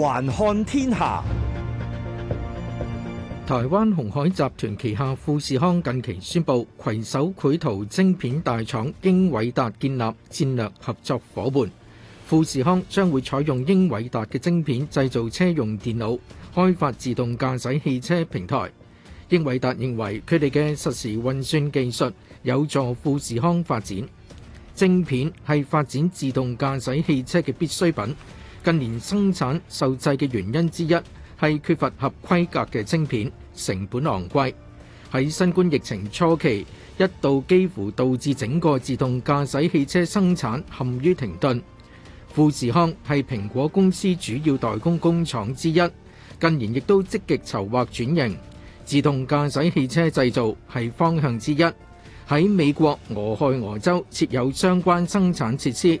環看天下，台灣鴻海集團旗下富士康近期宣布携手繪圖晶片大廠英偉達建立戰略合作伙伴。富士康將會採用英偉達嘅晶片製造車用電腦，開發自動駕駛汽車平台。英偉達認為佢哋嘅實時運算技術有助富士康發展晶片，係發展自動駕駛汽車嘅必需品。近年生產受制嘅原因之一係缺乏合規格嘅晶片，成本昂貴。喺新冠疫情初期，一度幾乎導致整個自動駕駛汽車生產陷於停頓。富士康係蘋果公司主要代工工廠之一，近年亦都積極籌劃轉型，自動駕駛汽車製造係方向之一。喺美國俄亥俄州設有相關生產設施。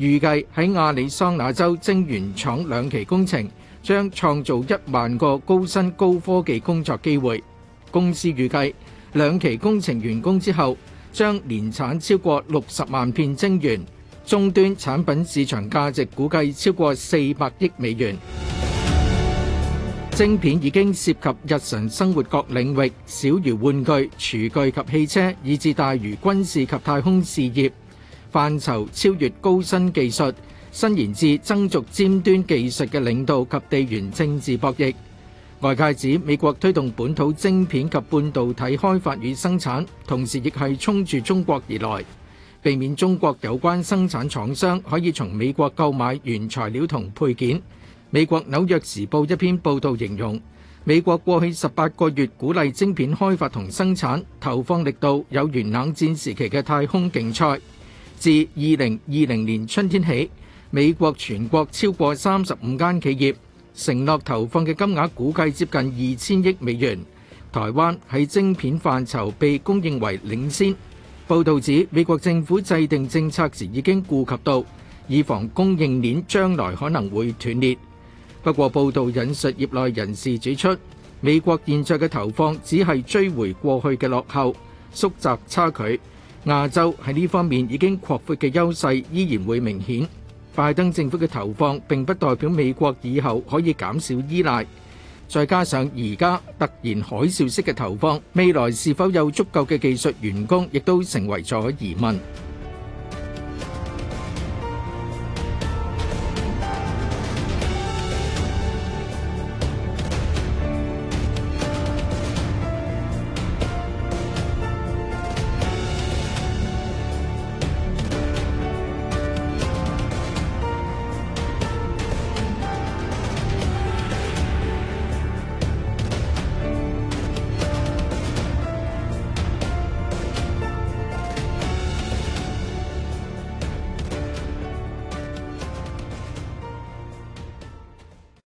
預計喺亞利桑那州晶圓廠兩期工程將創造一萬個高薪高科技工作機會。公司預計兩期工程完工之後，將年產超過六十萬片晶圓，終端產品市場價值估計超過四百億美元。晶片已經涉及日常生活各領域，小如玩具、廚具及汽車，以至大如軍事及太空事業。範疇超越高新技術，伸延至爭逐尖端技術嘅領導及地緣政治博弈。外界指，美國推動本土晶片及半導體開發與生產，同時亦係衝住中國而來，避免中國有關生產廠商可以從美國購買原材料同配件。美國紐約時報一篇報導形容，美國過去十八個月鼓勵晶片開發同生產，投放力度有原冷戰時期嘅太空競賽。自二零二零年春天起，美國全國超過三十五間企業承諾投放嘅金額估計接近二千億美元。台灣喺晶片範疇被公認為領先。報道指，美國政府制定政策時已經顧及到，以防供應鏈將來可能會斷裂。不過，報道引述業內人士指出，美國現在嘅投放只係追回過去嘅落後，縮窄差距。亞洲喺呢方面已經擴闊嘅優勢依然會明顯。拜登政府嘅投放並不代表美國以後可以減少依賴。再加上而家突然海嘯式嘅投放，未來是否有足夠嘅技術員工，亦都成為咗疑問。